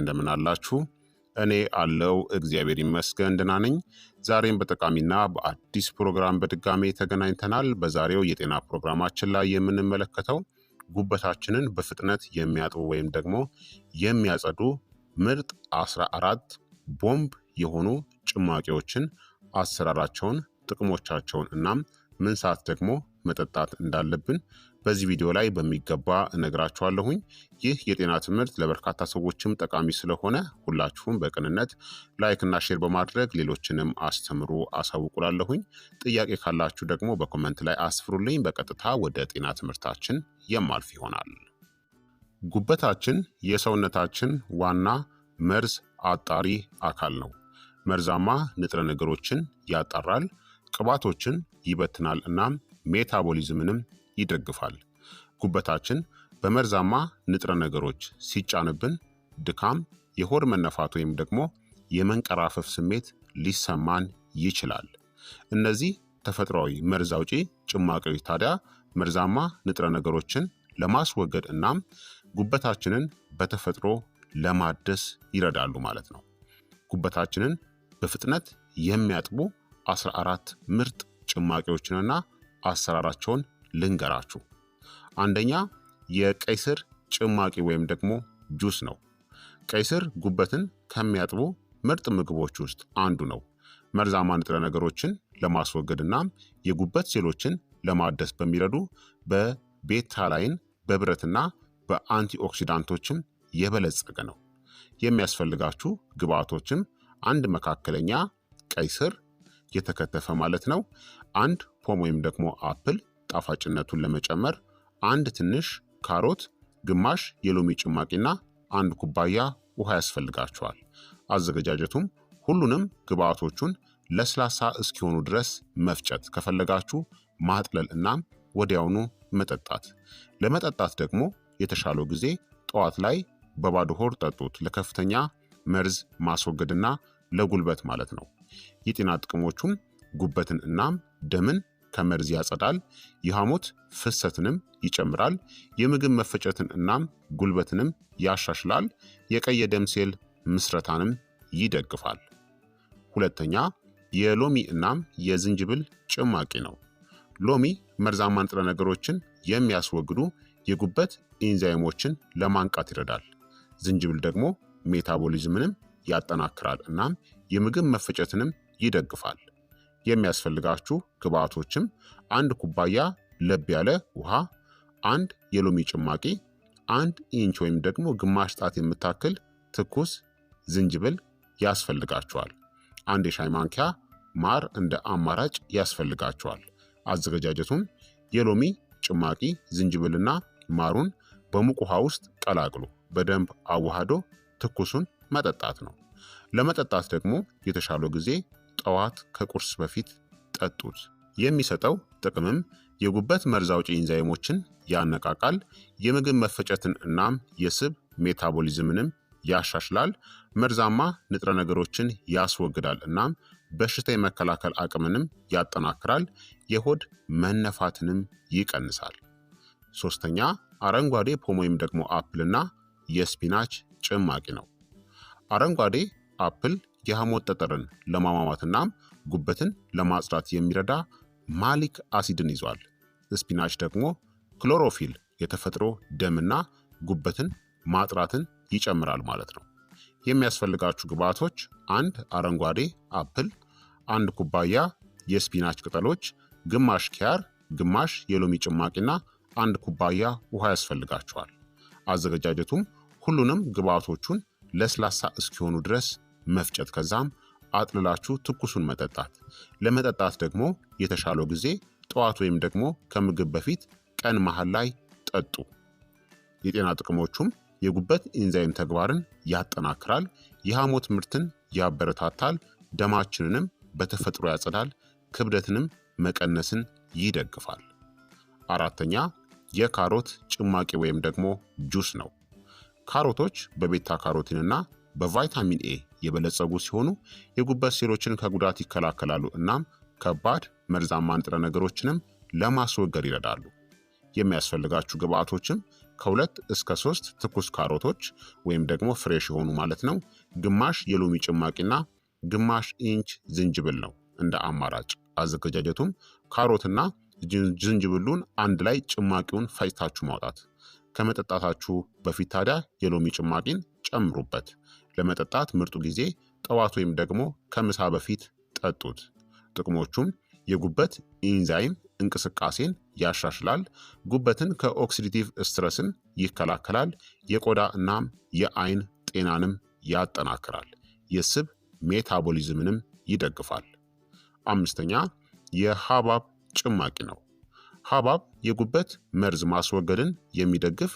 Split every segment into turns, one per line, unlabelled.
እንደምን አላችሁ? እኔ አለው እግዚአብሔር ይመስገን ደህና ነኝ። ዛሬም በጠቃሚና በአዲስ ፕሮግራም በድጋሜ ተገናኝተናል። በዛሬው የጤና ፕሮግራማችን ላይ የምንመለከተው ጉበታችንን በፍጥነት የሚያጥቡ ወይም ደግሞ የሚያጸዱ ምርጥ 14 ቦምብ የሆኑ ጭማቂዎችን አሰራራቸውን፣ ጥቅሞቻቸውን እናም ምን ሰዓት ደግሞ መጠጣት እንዳለብን በዚህ ቪዲዮ ላይ በሚገባ እነግራችኋለሁኝ። ይህ የጤና ትምህርት ለበርካታ ሰዎችም ጠቃሚ ስለሆነ ሁላችሁም በቅንነት ላይክ እና ሼር በማድረግ ሌሎችንም አስተምሩ አሳውቁላለሁኝ። ጥያቄ ካላችሁ ደግሞ በኮመንት ላይ አስፍሩልኝ። በቀጥታ ወደ ጤና ትምህርታችን የማልፍ ይሆናል። ጉበታችን የሰውነታችን ዋና መርዝ አጣሪ አካል ነው። መርዛማ ንጥረ ነገሮችን ያጣራል፣ ቅባቶችን ይበትናል፣ እናም ሜታቦሊዝምንም ይደግፋል። ጉበታችን በመርዛማ ንጥረ ነገሮች ሲጫንብን ድካም፣ የሆድ መነፋት ወይም ደግሞ የመንቀራፈፍ ስሜት ሊሰማን ይችላል። እነዚህ ተፈጥሯዊ መርዝ አውጪ ጭማቂዎች ታዲያ መርዛማ ንጥረ ነገሮችን ለማስወገድ እናም ጉበታችንን በተፈጥሮ ለማደስ ይረዳሉ ማለት ነው። ጉበታችንን በፍጥነት የሚያጥቡ 14 ምርጥ ጭማቂዎችንና አሰራራቸውን ልንገራችሁ። አንደኛ የቀይ ስር ጭማቂ ወይም ደግሞ ጁስ ነው። ቀይ ስር ጉበትን ከሚያጥቡ ምርጥ ምግቦች ውስጥ አንዱ ነው። መርዛማ ንጥረ ነገሮችን ለማስወገድ እናም የጉበት ሴሎችን ለማደስ በሚረዱ በቤታ ላይን በብረትና በአንቲኦክሲዳንቶችም የበለጸገ ነው። የሚያስፈልጋችሁ ግብአቶችም አንድ መካከለኛ ቀይ ስር የተከተፈ ማለት ነው፣ አንድ ፖም ወይም ደግሞ አፕል፣ ጣፋጭነቱን ለመጨመር አንድ ትንሽ ካሮት፣ ግማሽ የሎሚ ጭማቂና አንድ ኩባያ ውሃ ያስፈልጋቸዋል። አዘገጃጀቱም ሁሉንም ግብአቶቹን ለስላሳ እስኪሆኑ ድረስ መፍጨት፣ ከፈለጋችሁ ማጥለል እናም ወዲያውኑ መጠጣት። ለመጠጣት ደግሞ የተሻለው ጊዜ ጠዋት ላይ በባዶ ሆድ ጠጡት። ለከፍተኛ መርዝ ማስወገድና ለጉልበት ማለት ነው። የጤና ጥቅሞቹም ጉበትን እናም ደምን ከመርዝ ያጸዳል። የሐሞት ፍሰትንም ይጨምራል። የምግብ መፈጨትን እናም ጉልበትንም ያሻሽላል። የቀይ ደም ሴል ምስረታንም ይደግፋል። ሁለተኛ የሎሚ እናም የዝንጅብል ጭማቂ ነው። ሎሚ መርዛማ ንጥረ ነገሮችን የሚያስወግዱ የጉበት ኢንዛይሞችን ለማንቃት ይረዳል። ዝንጅብል ደግሞ ሜታቦሊዝምንም ያጠናክራል እናም የምግብ መፈጨትንም ይደግፋል። የሚያስፈልጋችሁ ግብአቶችም አንድ ኩባያ ለብ ያለ ውሃ፣ አንድ የሎሚ ጭማቂ፣ አንድ ኢንች ወይም ደግሞ ግማሽ ጣት የምታክል ትኩስ ዝንጅብል ያስፈልጋችኋል። አንድ የሻይ ማንኪያ ማር እንደ አማራጭ ያስፈልጋችኋል። አዘገጃጀቱም የሎሚ ጭማቂ ዝንጅብልና ማሩን በሙቅ ውሃ ውስጥ ቀላቅሉ። በደንብ አዋህዶ ትኩሱን መጠጣት ነው። ለመጠጣት ደግሞ የተሻለው ጊዜ ጠዋት ከቁርስ በፊት ጠጡት። የሚሰጠው ጥቅምም የጉበት መርዝ አውጪ ኢንዛይሞችን ያነቃቃል፣ የምግብ መፈጨትን እናም የስብ ሜታቦሊዝምንም ያሻሽላል፣ መርዛማ ንጥረ ነገሮችን ያስወግዳል እናም በሽታ የመከላከል አቅምንም ያጠናክራል፣ የሆድ መነፋትንም ይቀንሳል። ሶስተኛ አረንጓዴ ፖም ወይም ደግሞ አፕልና የስፒናች ጭማቂ ነው። አረንጓዴ አፕል የሐሞት ጠጠርን ለማሟሟትና ጉበትን ለማጽዳት የሚረዳ ማሊክ አሲድን ይዟል። ስፒናች ደግሞ ክሎሮፊል የተፈጥሮ ደምና ጉበትን ማጥራትን ይጨምራል ማለት ነው። የሚያስፈልጋችሁ ግብአቶች አንድ አረንጓዴ አፕል፣ አንድ ኩባያ የስፒናች ቅጠሎች፣ ግማሽ ኪያር፣ ግማሽ የሎሚ ጭማቂና አንድ ኩባያ ውሃ ያስፈልጋችኋል። አዘገጃጀቱም ሁሉንም ግብአቶቹን ለስላሳ እስኪሆኑ ድረስ መፍጨት ከዛም አጥልላችሁ ትኩሱን መጠጣት። ለመጠጣት ደግሞ የተሻለው ጊዜ ጠዋት ወይም ደግሞ ከምግብ በፊት ቀን መሃል ላይ ጠጡ። የጤና ጥቅሞቹም የጉበት ኢንዛይም ተግባርን ያጠናክራል፣ የሐሞት ምርትን ያበረታታል፣ ደማችንንም በተፈጥሮ ያጸዳል፣ ክብደትንም መቀነስን ይደግፋል። አራተኛ የካሮት ጭማቂ ወይም ደግሞ ጁስ ነው። ካሮቶች በቤታ ካሮቲንና በቫይታሚን ኤ የበለጸጉ ሲሆኑ የጉበት ሴሎችን ከጉዳት ይከላከላሉ እናም ከባድ መርዛማ ንጥረ ነገሮችንም ለማስወገድ ይረዳሉ። የሚያስፈልጋችሁ ግብአቶችም ከሁለት እስከ ሶስት ትኩስ ካሮቶች ወይም ደግሞ ፍሬሽ የሆኑ ማለት ነው፣ ግማሽ የሎሚ ጭማቂና ግማሽ ኢንች ዝንጅብል ነው እንደ አማራጭ። አዘገጃጀቱም ካሮትና ዝንጅብሉን አንድ ላይ ጭማቂውን ፈጭታችሁ ማውጣት። ከመጠጣታችሁ በፊት ታዲያ የሎሚ ጭማቂን ጨምሩበት። ለመጠጣት ምርጡ ጊዜ ጠዋት ወይም ደግሞ ከምሳ በፊት ጠጡት። ጥቅሞቹም የጉበት ኢንዛይም እንቅስቃሴን ያሻሽላል፣ ጉበትን ከኦክሲዲቲቭ ስትረስን ይከላከላል፣ የቆዳ እናም የአይን ጤናንም ያጠናክራል፣ የስብ ሜታቦሊዝምንም ይደግፋል። አምስተኛ የሐብሐብ ጭማቂ ነው። ሐብሐብ የጉበት መርዝ ማስወገድን የሚደግፍ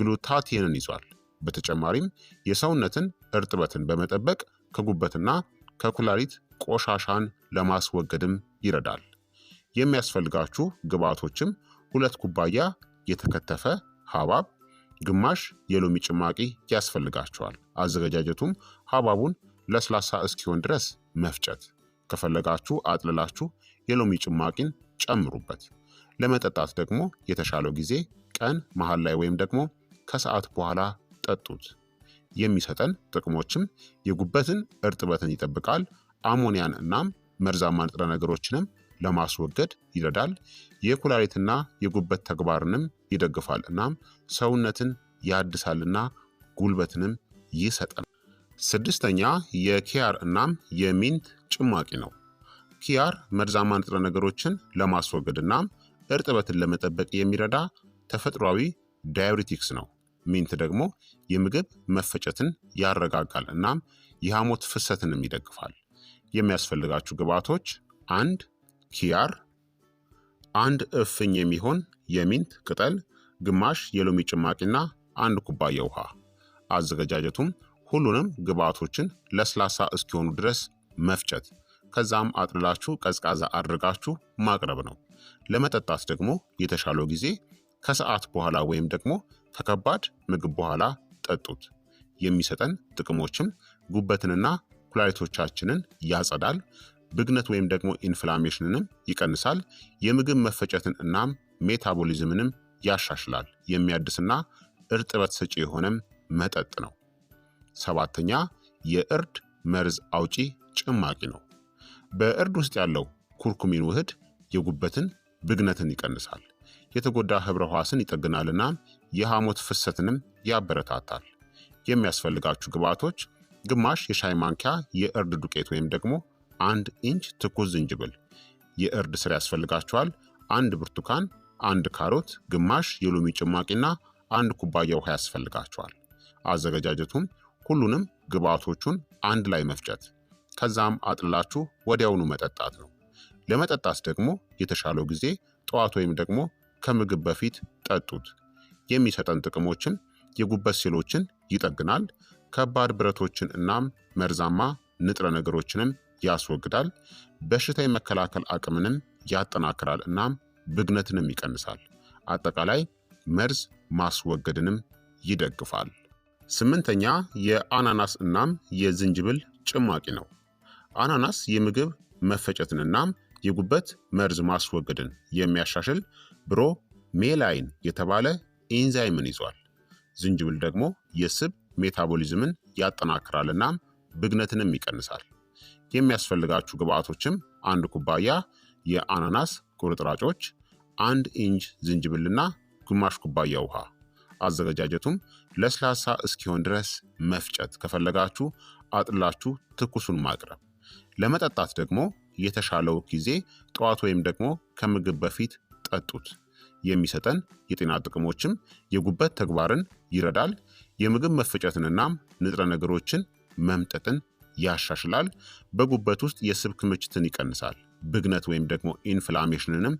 ግሉታቲየንን ይዟል። በተጨማሪም የሰውነትን እርጥበትን በመጠበቅ ከጉበትና ከኩላሊት ቆሻሻን ለማስወገድም ይረዳል። የሚያስፈልጋችሁ ግብዓቶችም ሁለት ኩባያ የተከተፈ ሐብሐብ፣ ግማሽ የሎሚ ጭማቂ ያስፈልጋቸዋል። አዘገጃጀቱም ሐብሐቡን ለስላሳ እስኪሆን ድረስ መፍጨት፣ ከፈለጋችሁ አጥልላችሁ የሎሚ ጭማቂን ጨምሩበት። ለመጠጣት ደግሞ የተሻለው ጊዜ ቀን መሃል ላይ ወይም ደግሞ ከሰዓት በኋላ ጠጡት። የሚሰጠን ጥቅሞችም የጉበትን እርጥበትን ይጠብቃል። አሞኒያን እናም መርዛማ ንጥረ ነገሮችንም ለማስወገድ ይረዳል። የኩላሊትና የጉበት ተግባርንም ይደግፋል። እናም ሰውነትን ያድሳልና ጉልበትንም ይሰጠን ስድስተኛ የኪያር እናም የሚንት ጭማቂ ነው። ኪያር መርዛማ ንጥረ ነገሮችን ለማስወገድ እናም እርጥበትን ለመጠበቅ የሚረዳ ተፈጥሯዊ ዳዩሪቲክስ ነው። ሚንት ደግሞ የምግብ መፈጨትን ያረጋጋል እናም የሐሞት ፍሰትንም ይደግፋል። የሚያስፈልጋችሁ ግብዓቶች አንድ ኪያር፣ አንድ እፍኝ የሚሆን የሚንት ቅጠል፣ ግማሽ የሎሚ ጭማቂና አንድ ኩባያ ውሃ። አዘገጃጀቱም ሁሉንም ግብዓቶችን ለስላሳ እስኪሆኑ ድረስ መፍጨት ከዛም አጥልላችሁ ቀዝቃዛ አድርጋችሁ ማቅረብ ነው። ለመጠጣት ደግሞ የተሻለው ጊዜ ከሰዓት በኋላ ወይም ደግሞ ከከባድ ምግብ በኋላ ጠጡት። የሚሰጠን ጥቅሞችም ጉበትንና ኩላሊቶቻችንን ያጸዳል። ብግነት ወይም ደግሞ ኢንፍላሜሽንንም ይቀንሳል። የምግብ መፈጨትን እናም ሜታቦሊዝምንም ያሻሽላል። የሚያድስና እርጥበት ሰጪ የሆነም መጠጥ ነው። ሰባተኛ የእርድ መርዝ አውጪ ጭማቂ ነው። በእርድ ውስጥ ያለው ኩርኩሚን ውህድ የጉበትን ብግነትን ይቀንሳል። የተጎዳ ህብረ ህዋስን ይጠግናልና የሐሞት ፍሰትንም ያበረታታል። የሚያስፈልጋችሁ ግብዓቶች ግማሽ የሻይ ማንኪያ የእርድ ዱቄት ወይም ደግሞ አንድ ኢንች ትኩስ ዝንጅብል፣ የእርድ ስር ያስፈልጋችኋል። አንድ ብርቱካን፣ አንድ ካሮት፣ ግማሽ የሎሚ ጭማቂና አንድ ኩባያ ውሃ ያስፈልጋችኋል። አዘገጃጀቱም ሁሉንም ግብአቶቹን አንድ ላይ መፍጨት ከዛም አጥላችሁ ወዲያውኑ መጠጣት ነው። ለመጠጣት ደግሞ የተሻለው ጊዜ ጠዋት ወይም ደግሞ ከምግብ በፊት ጠጡት። የሚሰጠን ጥቅሞችን የጉበት ሴሎችን ይጠግናል። ከባድ ብረቶችን እናም መርዛማ ንጥረ ነገሮችንም ያስወግዳል። በሽታ የመከላከል አቅምንም ያጠናክራል እናም ብግነትንም ይቀንሳል። አጠቃላይ መርዝ ማስወገድንም ይደግፋል። ስምንተኛ የአናናስ እናም የዝንጅብል ጭማቂ ነው። አናናስ የምግብ መፈጨትን እናም የጉበት መርዝ ማስወገድን የሚያሻሽል ብሮ ሜላይን የተባለ ኢንዛይምን ይዟል። ዝንጅብል ደግሞ የስብ ሜታቦሊዝምን ያጠናክራል እናም ብግነትንም ይቀንሳል። የሚያስፈልጋችሁ ግብአቶችም አንድ ኩባያ የአናናስ ቁርጥራጮች፣ አንድ ኢንች ዝንጅብልና ግማሽ ኩባያ ውሃ። አዘገጃጀቱም ለስላሳ እስኪሆን ድረስ መፍጨት፣ ከፈለጋችሁ አጥላችሁ ትኩሱን ማቅረብ። ለመጠጣት ደግሞ የተሻለው ጊዜ ጠዋት ወይም ደግሞ ከምግብ በፊት ጠጡት። የሚሰጠን የጤና ጥቅሞችም የጉበት ተግባርን ይረዳል። የምግብ መፈጨትንና ንጥረ ነገሮችን መምጠጥን ያሻሽላል። በጉበት ውስጥ የስብ ክምችትን ይቀንሳል። ብግነት ወይም ደግሞ ኢንፍላሜሽንንም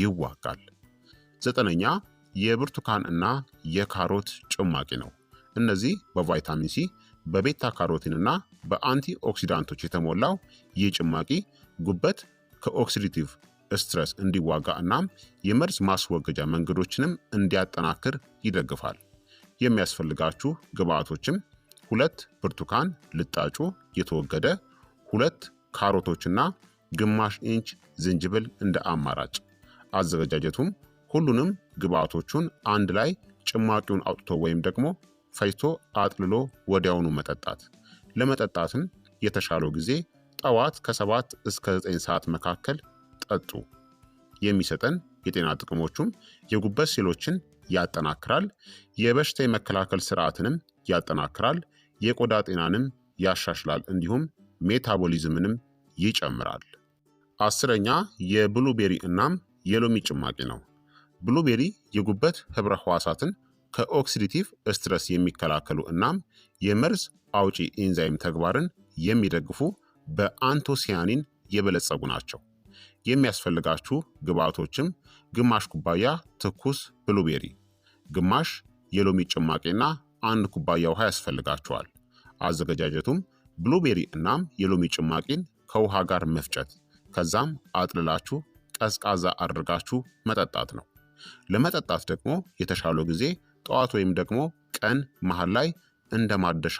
ይዋጋል። ዘጠነኛ የብርቱካን እና የካሮት ጭማቂ ነው። እነዚህ በቫይታሚን ሲ በቤታ ካሮቲንና በአንቲ ኦክሲዳንቶች የተሞላው ይህ ጭማቂ ጉበት ከኦክሲዲቲቭ ስትረስ እንዲዋጋ እና የመርዝ ማስወገጃ መንገዶችንም እንዲያጠናክር ይደግፋል። የሚያስፈልጋችሁ ግብአቶችም ሁለት ብርቱካን ልጣጩ የተወገደ፣ ሁለት ካሮቶችና ግማሽ ኢንች ዝንጅብል እንደ አማራጭ። አዘገጃጀቱም ሁሉንም ግብአቶቹን አንድ ላይ ጭማቂውን አውጥቶ ወይም ደግሞ ፈጭቶ አጥልሎ ወዲያውኑ መጠጣት። ለመጠጣትም የተሻለው ጊዜ ጠዋት ከ7 እስከ 9 ሰዓት መካከል ጠጡ። የሚሰጠን የጤና ጥቅሞቹም የጉበት ሴሎችን ያጠናክራል፣ የበሽታ የመከላከል ስርዓትንም ያጠናክራል፣ የቆዳ ጤናንም ያሻሽላል፣ እንዲሁም ሜታቦሊዝምንም ይጨምራል። አስረኛ የብሉቤሪ እናም የሎሚ ጭማቂ ነው። ብሉቤሪ የጉበት ህብረ ህዋሳትን ከኦክሲዲቲቭ ስትረስ የሚከላከሉ እናም የመርዝ አውጪ ኢንዛይም ተግባርን የሚደግፉ በአንቶሲያኒን የበለጸጉ ናቸው። የሚያስፈልጋችሁ ግብአቶችም ግማሽ ኩባያ ትኩስ ብሉቤሪ፣ ግማሽ የሎሚ ጭማቂና አንድ ኩባያ ውሃ ያስፈልጋችኋል። አዘገጃጀቱም ብሉቤሪ እናም የሎሚ ጭማቂን ከውሃ ጋር መፍጨት ከዛም አጥልላችሁ ቀዝቃዛ አድርጋችሁ መጠጣት ነው። ለመጠጣት ደግሞ የተሻለው ጊዜ ጠዋት ወይም ደግሞ ቀን መሃል ላይ እንደ ማደሻ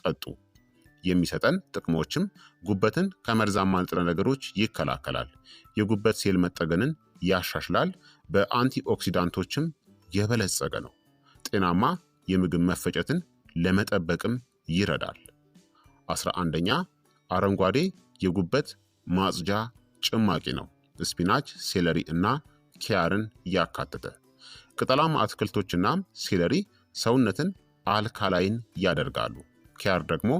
ጠጡ። የሚሰጠን ጥቅሞችም ጉበትን ከመርዛማ ንጥረ ነገሮች ይከላከላል፣ የጉበት ሴል መጠገንን ያሻሽላል፣ በአንቲኦክሲዳንቶችም የበለጸገ ነው። ጤናማ የምግብ መፈጨትን ለመጠበቅም ይረዳል። አስራ አንደኛ አረንጓዴ የጉበት ማጽጃ ጭማቂ ነው። ስፒናች፣ ሴለሪ እና ኪያርን ያካተተ ቅጠላማ አትክልቶችና ሴለሪ ሰውነትን አልካላይን ያደርጋሉ። ኪያር ደግሞ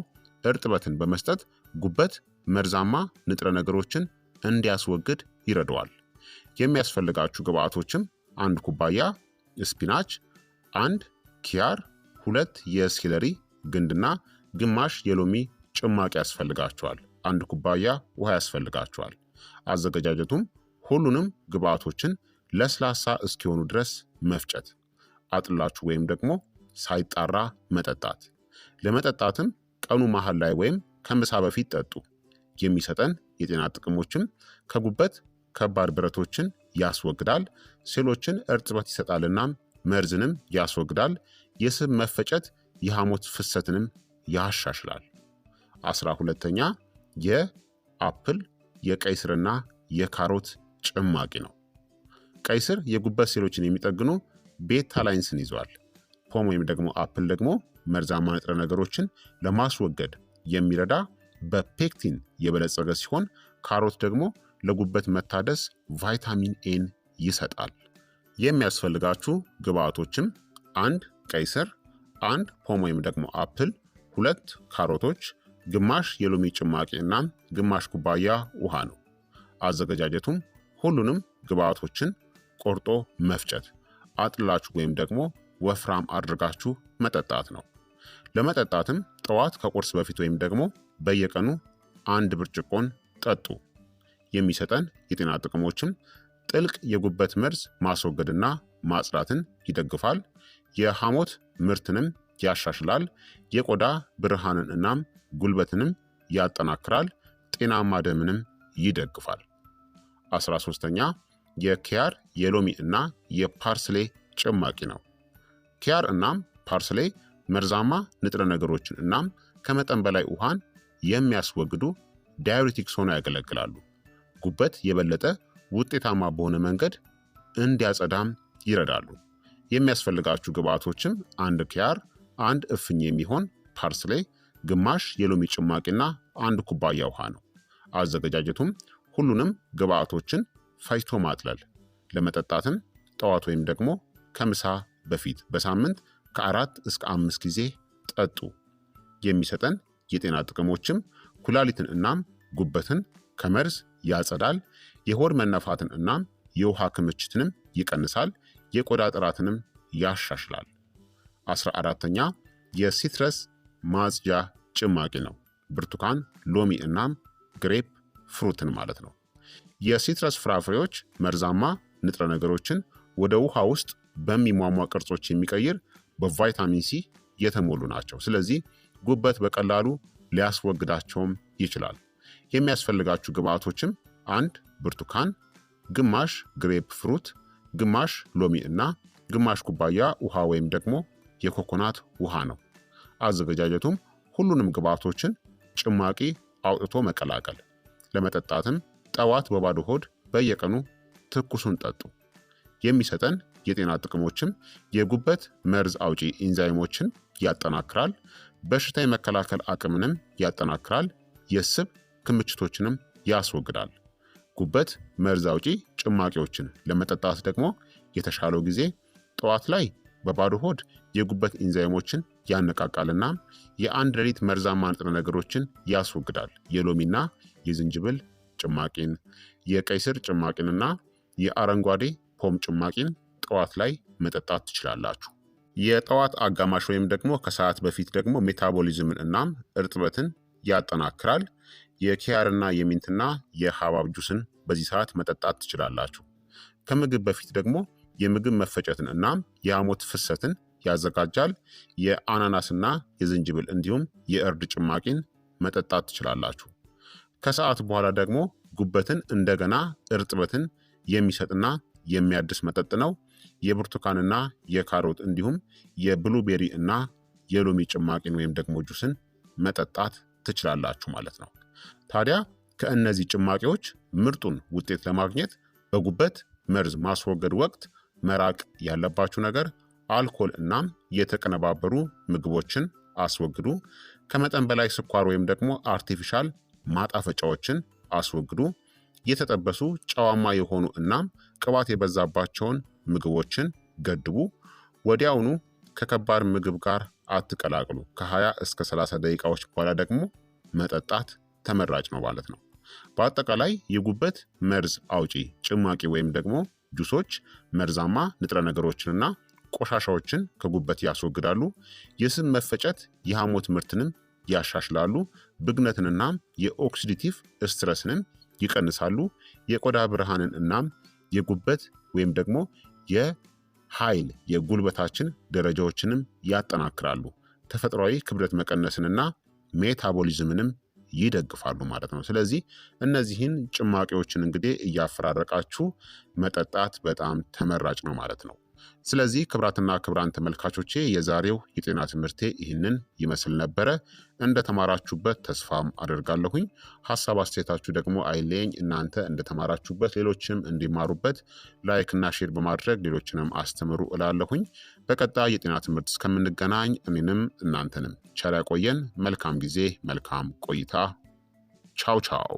እርጥበትን በመስጠት ጉበት መርዛማ ንጥረ ነገሮችን እንዲያስወግድ ይረዳዋል። የሚያስፈልጋችሁ ግብአቶችም አንድ ኩባያ ስፒናች፣ አንድ ኪያር፣ ሁለት የስኪለሪ ግንድና ግማሽ የሎሚ ጭማቂ ያስፈልጋቸዋል። አንድ ኩባያ ውሃ ያስፈልጋቸዋል። አዘገጃጀቱም ሁሉንም ግብአቶችን ለስላሳ እስኪሆኑ ድረስ መፍጨት፣ አጥላችሁ ወይም ደግሞ ሳይጣራ መጠጣት። ለመጠጣትም ቀኑ መሀል ላይ ወይም ከምሳ በፊት ጠጡ። የሚሰጠን የጤና ጥቅሞችም ከጉበት ከባድ ብረቶችን ያስወግዳል፣ ሴሎችን እርጥበት ይሰጣልና መርዝንም ያስወግዳል፣ የስብ መፈጨት የሐሞት ፍሰትንም ያሻሽላል። አስራ ሁለተኛ የአፕል የቀይ ስርና የካሮት ጭማቂ ነው። ቀይ ስር የጉበት ሴሎችን የሚጠግኑ ቤታ ላይንስን ይዟል። ፖም ወይም ደግሞ አፕል ደግሞ መርዛማ ንጥረ ነገሮችን ለማስወገድ የሚረዳ በፔክቲን የበለጸገ ሲሆን ካሮት ደግሞ ለጉበት መታደስ ቫይታሚን ኤን ይሰጣል። የሚያስፈልጋችሁ ግብአቶችም አንድ ቀይ ስር፣ አንድ ፖም ወይም ደግሞ አፕል፣ ሁለት ካሮቶች፣ ግማሽ የሎሚ ጭማቂ እና ግማሽ ኩባያ ውሃ ነው። አዘገጃጀቱም ሁሉንም ግብአቶችን ቆርጦ መፍጨት፣ አጥላችሁ ወይም ደግሞ ወፍራም አድርጋችሁ መጠጣት ነው። ለመጠጣትም ጠዋት ከቁርስ በፊት ወይም ደግሞ በየቀኑ አንድ ብርጭቆን ጠጡ። የሚሰጠን የጤና ጥቅሞችም ጥልቅ የጉበት መርዝ ማስወገድና ማጽዳትን ይደግፋል። የሐሞት ምርትንም ያሻሽላል። የቆዳ ብርሃንን እናም ጉልበትንም ያጠናክራል። ጤናማ ደምንም ይደግፋል። 13ተኛ የኪያር የሎሚ እና የፓርስሌ ጭማቂ ነው። ኪያር እናም ፓርስሌ መርዛማ ንጥረ ነገሮችን እናም ከመጠን በላይ ውሃን የሚያስወግዱ ዳዩሪቲክስ ሆነው ያገለግላሉ። ጉበት የበለጠ ውጤታማ በሆነ መንገድ እንዲያጸዳም ይረዳሉ። የሚያስፈልጋችሁ ግብአቶችም አንድ ኪያር፣ አንድ እፍኝ የሚሆን ፓርስሌ፣ ግማሽ የሎሚ ጭማቂና አንድ ኩባያ ውሃ ነው። አዘገጃጀቱም ሁሉንም ግብአቶችን ፈጭቶ ማጥለል፣ ለመጠጣትም ጠዋት ወይም ደግሞ ከምሳ በፊት በሳምንት ከአራት እስከ አምስት ጊዜ ጠጡ። የሚሰጠን የጤና ጥቅሞችም ኩላሊትን እናም ጉበትን ከመርዝ ያጸዳል። የሆድ መነፋትን እናም የውሃ ክምችትንም ይቀንሳል። የቆዳ ጥራትንም ያሻሽላል። አስራ አራተኛ የሲትረስ ማጽጃ ጭማቂ ነው። ብርቱካን፣ ሎሚ እናም ግሬፕ ፍሩትን ማለት ነው። የሲትረስ ፍራፍሬዎች መርዛማ ንጥረ ነገሮችን ወደ ውሃ ውስጥ በሚሟሟ ቅርጾች የሚቀይር በቫይታሚን ሲ የተሞሉ ናቸው። ስለዚህ ጉበት በቀላሉ ሊያስወግዳቸውም ይችላል። የሚያስፈልጋችሁ ግብአቶችም አንድ ብርቱካን፣ ግማሽ ግሬፕ ፍሩት፣ ግማሽ ሎሚ እና ግማሽ ኩባያ ውሃ ወይም ደግሞ የኮኮናት ውሃ ነው። አዘገጃጀቱም ሁሉንም ግብአቶችን ጭማቂ አውጥቶ መቀላቀል። ለመጠጣትም ጠዋት በባዶ ሆድ በየቀኑ ትኩሱን ጠጡ። የሚሰጠን የጤና ጥቅሞችን የጉበት መርዝ አውጪ ኢንዛይሞችን ያጠናክራል። በሽታ የመከላከል አቅምንም ያጠናክራል። የስብ ክምችቶችንም ያስወግዳል። ጉበት መርዝ አውጪ ጭማቂዎችን ለመጠጣት ደግሞ የተሻለው ጊዜ ጠዋት ላይ በባዶ ሆድ የጉበት ኢንዛይሞችን ያነቃቃልና የአንድ ሌሊት መርዛማ ንጥረ ነገሮችን ያስወግዳል። የሎሚና የዝንጅብል ጭማቂን፣ የቀይ ስር ጭማቂንና የአረንጓዴ ፖም ጭማቂን ጠዋት ላይ መጠጣት ትችላላችሁ። የጠዋት አጋማሽ ወይም ደግሞ ከሰዓት በፊት ደግሞ ሜታቦሊዝምን እናም እርጥበትን ያጠናክራል። የኪያርና የሚንትና የሀባብ ጁስን በዚህ ሰዓት መጠጣት ትችላላችሁ። ከምግብ በፊት ደግሞ የምግብ መፈጨትን እናም የሐሞት ፍሰትን ያዘጋጃል። የአናናስና የዝንጅብል እንዲሁም የእርድ ጭማቂን መጠጣት ትችላላችሁ። ከሰዓት በኋላ ደግሞ ጉበትን እንደገና እርጥበትን የሚሰጥና የሚያድስ መጠጥ ነው። የብርቱካንና የካሮት እንዲሁም የብሉቤሪ እና የሎሚ ጭማቂን ወይም ደግሞ ጁስን መጠጣት ትችላላችሁ ማለት ነው። ታዲያ ከእነዚህ ጭማቂዎች ምርጡን ውጤት ለማግኘት በጉበት መርዝ ማስወገድ ወቅት መራቅ ያለባችሁ ነገር አልኮል እናም የተቀነባበሩ ምግቦችን አስወግዱ። ከመጠን በላይ ስኳር ወይም ደግሞ አርቲፊሻል ማጣፈጫዎችን አስወግዱ። የተጠበሱ ጨዋማ የሆኑ እናም ቅባት የበዛባቸውን ምግቦችን ገድቡ። ወዲያውኑ ከከባድ ምግብ ጋር አትቀላቅሉ። ከ20 እስከ 30 ደቂቃዎች በኋላ ደግሞ መጠጣት ተመራጭ ነው ማለት ነው። በአጠቃላይ የጉበት መርዝ አውጪ ጭማቂ ወይም ደግሞ ጁሶች መርዛማ ንጥረ ነገሮችንና ቆሻሻዎችን ከጉበት ያስወግዳሉ። የስብ መፈጨት፣ የሐሞት ምርትንም ያሻሽላሉ። ብግነትንና የኦክሲዲቲቭ ስትረስንም ይቀንሳሉ። የቆዳ ብርሃንን እናም የጉበት ወይም ደግሞ የኃይል የጉልበታችን ደረጃዎችንም ያጠናክራሉ። ተፈጥሯዊ ክብደት መቀነስንና ሜታቦሊዝምንም ይደግፋሉ ማለት ነው። ስለዚህ እነዚህን ጭማቂዎችን እንግዲህ እያፈራረቃችሁ መጠጣት በጣም ተመራጭ ነው ማለት ነው። ስለዚህ ክብራትና ክብራን ተመልካቾቼ የዛሬው የጤና ትምህርቴ ይህንን ይመስል ነበረ። እንደተማራችሁበት ተስፋም አደርጋለሁኝ። ሀሳብ አስተያየታችሁ ደግሞ አይለየኝ። እናንተ እንደተማራችሁበት ሌሎችም እንዲማሩበት ላይክና ሼር በማድረግ ሌሎችንም አስተምሩ እላለሁኝ። በቀጣይ የጤና ትምህርት እስከምንገናኝ እኔንም እናንተንም ቸር ያቆየን። መልካም ጊዜ፣ መልካም ቆይታ። ቻው ቻው